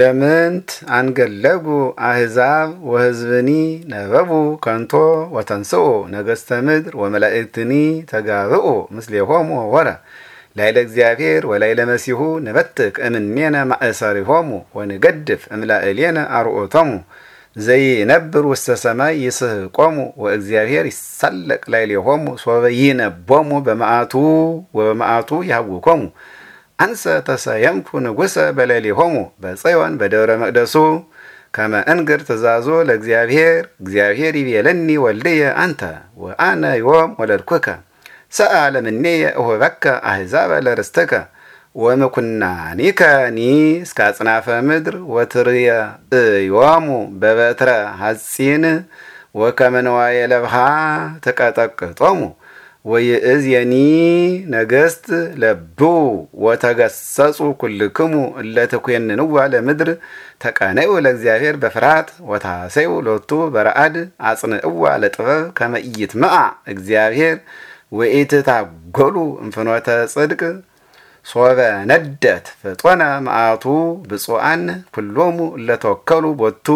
ለምንት አንገለጉ አህዛብ ወህዝብኒ ነበቡ ከንቶ ወተንስኡ ነገሥተ ምድር ወመላእክትኒ ተጋብኡ ምስሌሆሙ ወረ ላይለ እግዚአብሔር ወላይለ መሲሁ ንበትክ እምኔነ ማእሰሪሆሙ ወንገድፍ እምላእሌነ አርኦቶሙ ዘይነብር ውስተ ሰማይ ይስህ ቆሙ ወእግዚአብሔር ይሳለቅ ላይሌሆሙ ሶበ ይነቦሙ በመዓቱ ወበመዓቱ ያውኮሙ አንሰ ተሰየምኩ ንጉሰ በሌሊሆሙ በጽዮን በደብረ መቅደሱ ከመ እንግር ትእዛዞ ለእግዚአብሔር እግዚአብሔር ይቤለኒ ወልድየ አንተ ወአነ ዮም ወለድኩከ ሰአለ እምኔየ እሁበከ አሕዛበ ለርስትከ ኒ እስከ አጽናፈ ምድር ወትርየ እዮሙ በበትረ ሐጺን ወከመንዋየ ለብሃ ተቀጠቅጦሙ ወይእዝየኒ ነገስት ለብው ወተገሰጹ ኩልክሙ እለ ትኮንንዋ ለምድር ተቀነዩ ለእግዚአብሔር በፍርሃት ወታሰዩ ሎቱ በረአድ አጽንዕዋ ለጥበብ ከመይት ኢይትመዓ እግዚአብሔር ወኢትታጎሉ እንፍኖተ ጽድቅ ሶበ ነደት ፍጦነ መዓቱ ብፁዓን ኩሎሙ እለ ቦቱ